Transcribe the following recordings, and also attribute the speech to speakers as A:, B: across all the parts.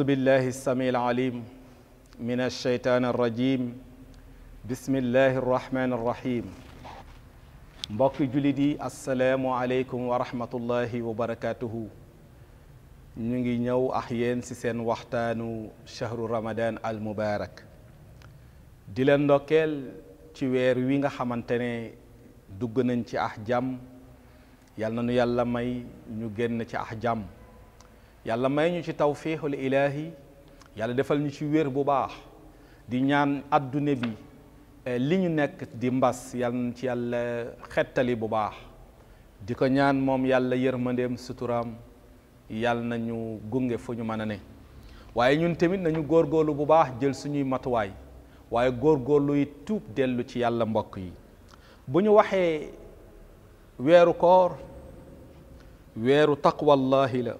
A: أعوذ بالله السميع العليم من الشيطان الرجيم بسم الله الرحمن الرحيم مبارك جلدي السلام عليكم ورحمة الله وبركاته نجي نو أحيان سيسن وقتانو شهر رمضان المبارك dilen ndokel ci wèr wi nga xamantene dugg nañ ci ahjam yalla nu yalla may ñu genn ci ahjam yàlla may ñu ci tawfiixul ilaahi yàlla defal ñu ci wér bu baax di ñaan adduna bi eh, li ñu nekk di mbas yàlla ci yàlla xettali bu baax di ko ñaan moom yàlla yërmandeem suturam yàlla nañu gunge fu ñu mën a ne waaye ñun tamit nañu góorgóorlu bu baax jël suñuy matuwaay waaye góorgóorlu yi tuub dellu ci yàlla mbokk yi bu ñu waxee weeru koor weeru taqwallahi la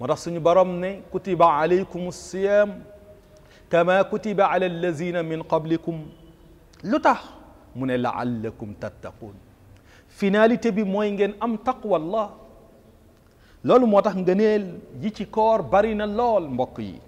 A: مرا سوني برام ني كتب عليكم الصيام كما كتب على الذين من قبلكم لتح من لعلكم تتقون فيناليتي بي موي نين ام تقوى الله لول موتاخ نغنيل يتي كور بارينا لول مبوك يي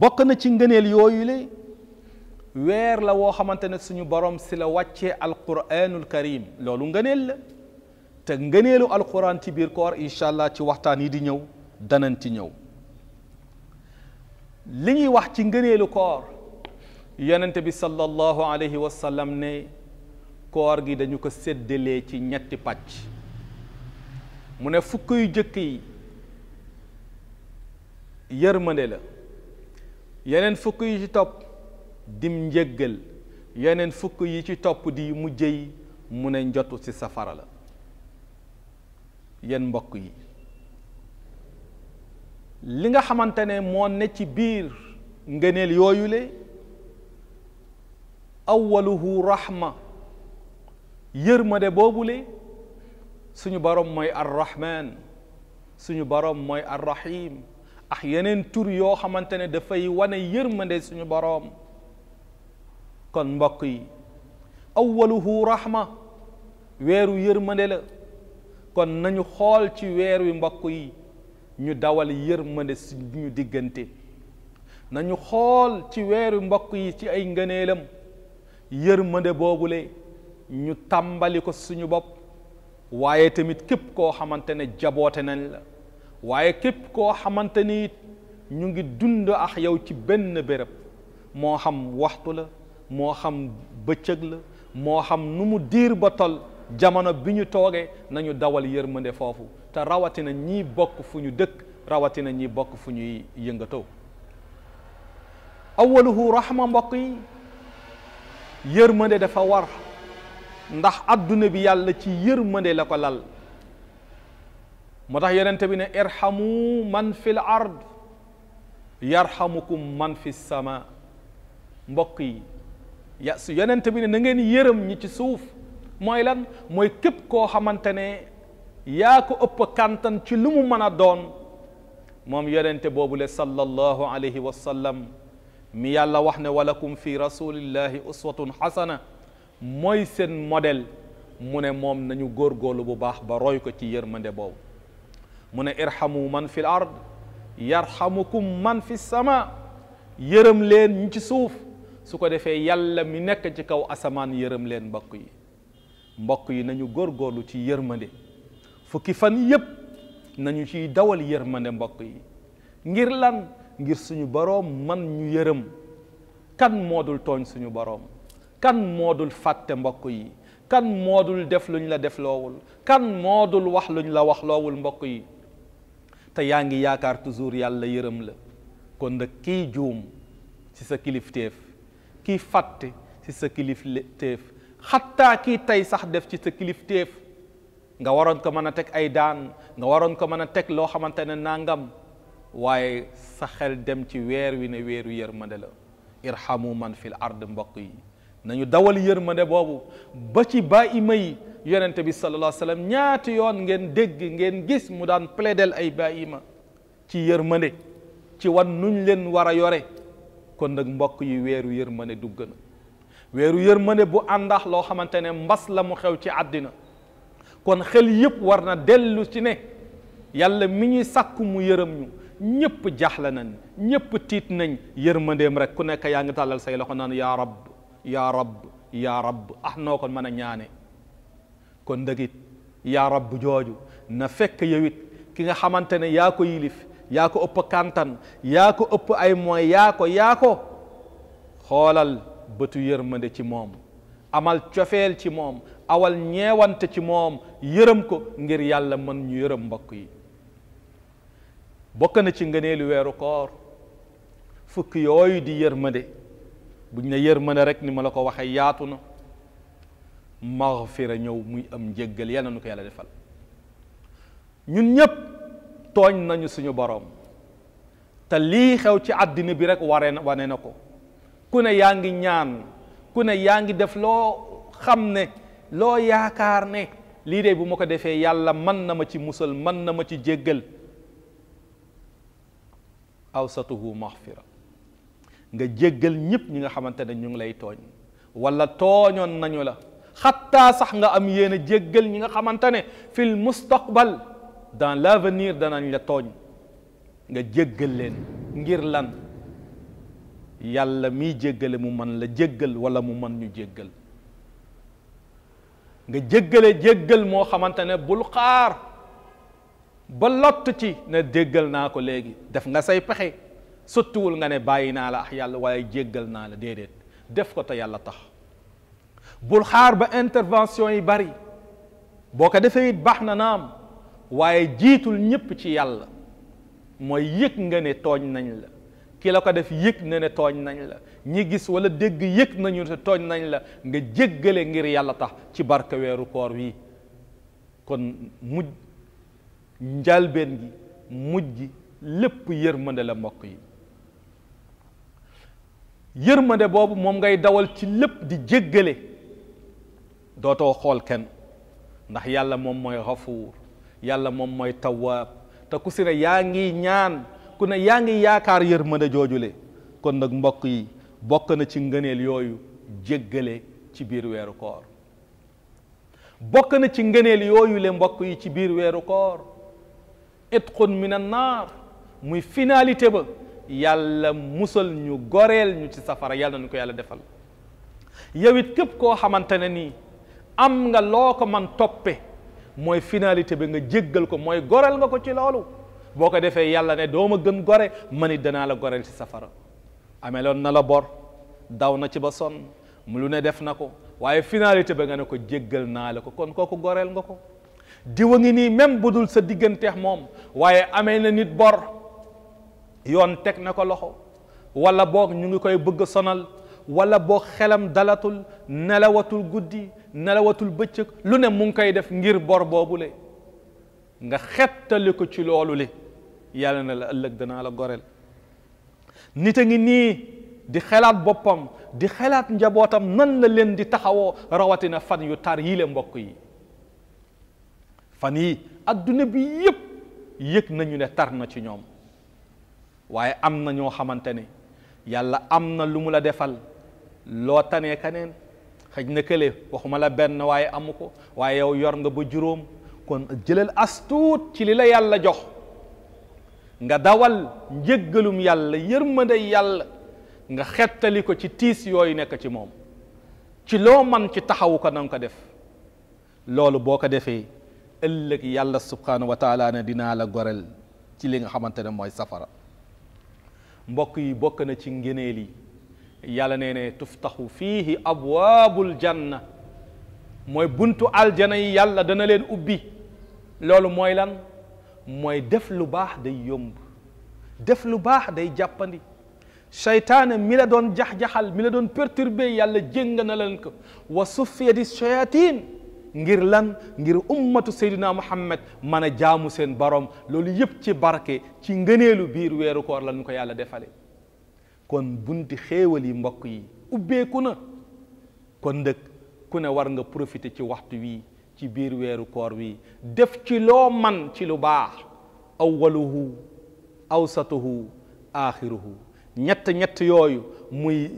A: بوك نا سي نغنيل يوي لي وير لا وو خامتاني سوني بروم سي لا واتي القران الكريم لول نغنيل te ngëneelu alquran ci biir koor incha allah ci waxtaan yi di ñëw danañ ci ñëw li ñuy wax ci ngëneelu koor yonente bi sallallahu alayhi wa sallam ne koor gi dañu ko séddalee ci ñetti pàcc mu ne fukk yu jëkk yi yërmande la yeneen fukk yi ci topp njëggal yeneen fukk yi ci topp di mujjey mu ne njotu ci safara la yéen mbokk yi li nga xamante ne moo ne ci biir ngëneel yooyule awaluhu rahma yërmande boobule suñu borom mooy arrahman suñu borom mooy arrahim ak yeneen tur yoo xamante ne dafay wane yërmande suñu borom kon mbokk yi awaluhu rahma weeru yërmande la kon nañu xool ci weer wi mbokk yi ñu dawal yërmande suñu diggante nañu xool ci weer wi mbokk yi ci ay ngëneelam yër yërmande boobule ñu tàmbali ko suñu bopp waaye tamit képp koo xamante ne jaboote nañ la waaye képp koo xamante ni ñu ngi dund ak yow ci benn béréb moo xam waxtu la moo xam bëccëg la moo xam nu mu diir ba tol jamono bi ñu toogee nañu dawal yërmande foofu te rawatina ñii bokk fu ñu dëkk rawatina ñii bokk fu ñuy yëngatoo awaluhu rahma mbokk yi yërmande dafa war ndax adduna bi yàlla ci yërmande la ko lal moo tax yonente bi ne irhamu man fil ard yarhamukum man fi sama mbokk yi ya su yonente bi ne na ngeen yërëm ñi ci suuf mooy lan mooy képp koo xamante ne yaa ko ëpp kàntan ci lu mu mën a doon moom yonente boobule sallallahu alayhi wa sallam mi yàlla wax ne walakum fi rasulillahi uswatun xasana mooy seen modèle mu ne moom nañu góorgóorlu bu baax ba roy ko ci yërmande boobu mu ne irhamu man fi l ard man fi sama yërëm leen ñu ci suuf su ko defee yàlla mi nekk ci kaw asamaan yërëm leen mbokk yi mbokk yi nañu góor góorlu ci yërmande fukki fan yépp nañu ciy dawal yërmande mbokk yi ngir lan ngir suñu boroom man ñu yërëm kan moodul tooñ suñu boroom kan moodul fàtte mbokk yi kan moodul def luñu la def loowul kan moodul wax luñu la wax loowul mbokk yi te yaa ngi yaakaar toujours yàlla yërëm la kon nag kiy juum ci sa kilifteef kiy fàtte ci sa kilifteef xatta kii tey sax def ci sa kilifteef nga waroon ko mën a teg ay daan nga waroon ko mën a teg loo xamante ne nangam waaye sa xel dem ci weer wi ne weeru yërmande la irhamu man fi ard mbokk yi nañu dawal yërmande boobu ba ci ba ima yi yonente bi sallallahu alayhi wa ñaati yoon ngeen dégg ngeen gis mu daan plaidel ay ba ima ci yërmande ci wan nuñ leen war a yore kon nag mbokk yi weeru yërmande dugg na wéru yërmande bu àndax lo xamantene mbass la mu xew ci adina kon xel yépp warna delu ci ne yàlla mi ñi sàkku mu yërëm ñu ñépp jaxla nañ ñépp tit nañ yërmandeem rek ku nekk ya nga talal say loxo naan ya rab ya rab ya rab ahno kon ko ñaane kon degit ya rab joju na fekk yewit ki nga xamantene ya ko yilif ya ko upp kantan ya ko upp ay moy ya ko ya ko xolal bëtu yërmande ci moom amal cofeel ci moom awal ñeewante ci moom yërëm ko ngir yàlla mën ñu yërëm mbokk yi bokk na ci ngëneelu weeru koor fukk yooyu di yërmande buñ ne yërmande rek ni ma la ko waxee yaatu na maxfira ñëw muy am njéggal yal na nu ko yàlla defal ñun ñépp tooñ nañu suñu boroom te lii xew ci àddina bi rek ware na wane na ko ku ne yaa ngi ñaan ku ne yaa ngi def loo xam ne loo yaakaar ne lii de bu ma ko defee yàlla mën na ma ci musal mën na ma ci jéggal awsatuhu maxfira nga jéggal ñëpp ñi nga xamante ne ñu ngi lay tooñ wala tooñoon nañu la xattaa sax nga am yéen a jéggal ñi nga xamante ne fil mustaqbal dans l' avenir danañ la tooñ nga jëggal leen ngir lan yàlla mi jéggel mu man la jéggel wala mu man ñu jéggel nga jéggelé jéggel moo xamante bul xaar ba lott ci ne déggal naa ko léegi def nga say pexe sottiwul nga ne bàyyi naa la ah yàlla waaye jéggal naa la déedéet def ko te yàlla tax bul xaar ba intervention yi bari boo ko defee it baax na naam waaye jiitul ñépp ci yàlla mooy yëg nga ne tooñ nañ la ki la ko def yëg na ne tooñ nañ la ñi gis wala dégg yëg nañu tooñ nañ la nga jéggale ngir yàlla tax ci barke weeru koor wi kon mujj njalbeen gi mujj gi lépp yërmande la mbokk yi yërmande boobu moom ngay dawal ci lépp di jéggale dootoo xool kenn ndax yàlla moom mooy xafuur yàlla moom mooy tawaab te ku yaa ngi ñaan ku ne yaa ngi yaakaar mën yërmande joojule kon nag mbokk yi bokk na ci ngëneel yooyu jéggale ci biir weeru koor bokk na ci ngëneel yooyu le mbokk yi ci biir weeru koor itqun min an naar muy finalité ba yàlla musal ñu goreel ñu ci safara yàlla nañu ko yàlla defal yow it képp koo xamante ne nii am nga loo ko man toppe mooy finalité bi nga jéggal ko mooy goreel nga ko ci loolu boko defé yàlla ne doma gën gore mani dana la goré ci safara amélon na la bor daw na ci ba son mu lu ne def nako waye finalité ba nga ne ko djéggal na la ko kon koku gorél nga ko diwa ngi même budul sa digënté mom waye amé na nit bor yon tek nako loxo wala bok ñu ngi koy bëgg sonal wala bok xelam dalatul nalawatul guddi nalawatul bëccëg lu ne mu ngi koy def ngir bor bobulé nga xettaliko ci loolu yàlla na la ëllëg danaa la goreel nit a ngi nii di xelaat boppam di xelaat njabootam nan la leen di taxawoo rawatina fan yu tar yii le mbokk yi fan yi adduna bi yépp yëg nañu ne tar na ci ñoom waaye am na ñoo xamante ne yàlla am na lu mu la defal loo tanee kaneen xëj na kële waxuma la benn waaye amu ko waaye yow yor nga ba juróom kon jëlal as tuut ci li la yàlla jox nga dawal njëggalum yàlla yërmande yàlla nga xettali ko ci tiis yooyu nekk ci moom ci loo man ci taxawu ko nanga ko def loolu boo ko defee ëllëg yàlla subhanahu wa dinaa la gorel ci li nga xamante ne mooy safara mbokk yi bokk na ci ngëneel yi yàlla nee ne tuftaxu fiihi abwaabul janna mooy buntu aljana yi yàlla dana leen ubbi loolu mooy lan mooy def lu baax day yomb def lu baax day jàppandi seytaane mila doon jax-jaxal mi la doon perturbé yàlla jéng na leen ko wa suffiyati shayatin ngir lan ngir ummatu seydina muhammad mën a jaamu seen borom loolu yëpp ci barke ci ngëneelu biir weeru koor lañ ko yàlla defale kon bunti xéewal yi mbokk yi ubbeeku na kon ndëkk ku war nga profité ci waxtu wii ci biir weeru koor wi def ci loo man ci lu baax awwaluhu awsatuhu aaxiruhu ñett ñett yooyu muy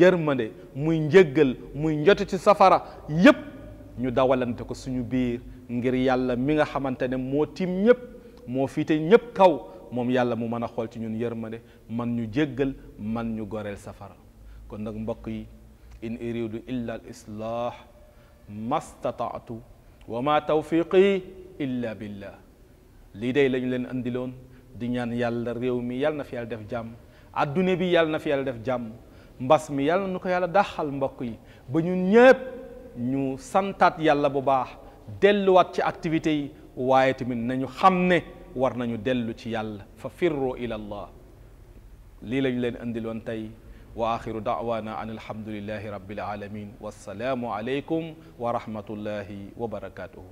A: yërmande muy njëggal muy njot ci safara yépp ñu dawalante ko suñu biir ngir yàlla mi nga xamante ne moo tiim ñépp moo fiite ñépp kaw moom yàlla mu mën a xool ci ñun yërmande man ñu jéggal man ñu goreel safara kon nag mbokk yi in uridu illa al islah ma stataatu wa ma tawfiqi illa billah lii day lañ leen andiloon di ñaan yàlla réew mi yàlla na fi yàlla def jàmm adduna bi yàlla na fi yàlla def jàmm mbas mi yàlla na nu ko yàlla daxal mbokk yi ba ñun ñépp ñu santaat yàlla bu baax delluwaat ci activités yi waaye tamit nañu xam ne war nañu dellu ci yàlla fa firru ila allah lii lañ leen andiloon tey واخر دعوانا عن الحمد لله رب العالمين والسلام عليكم ورحمه الله وبركاته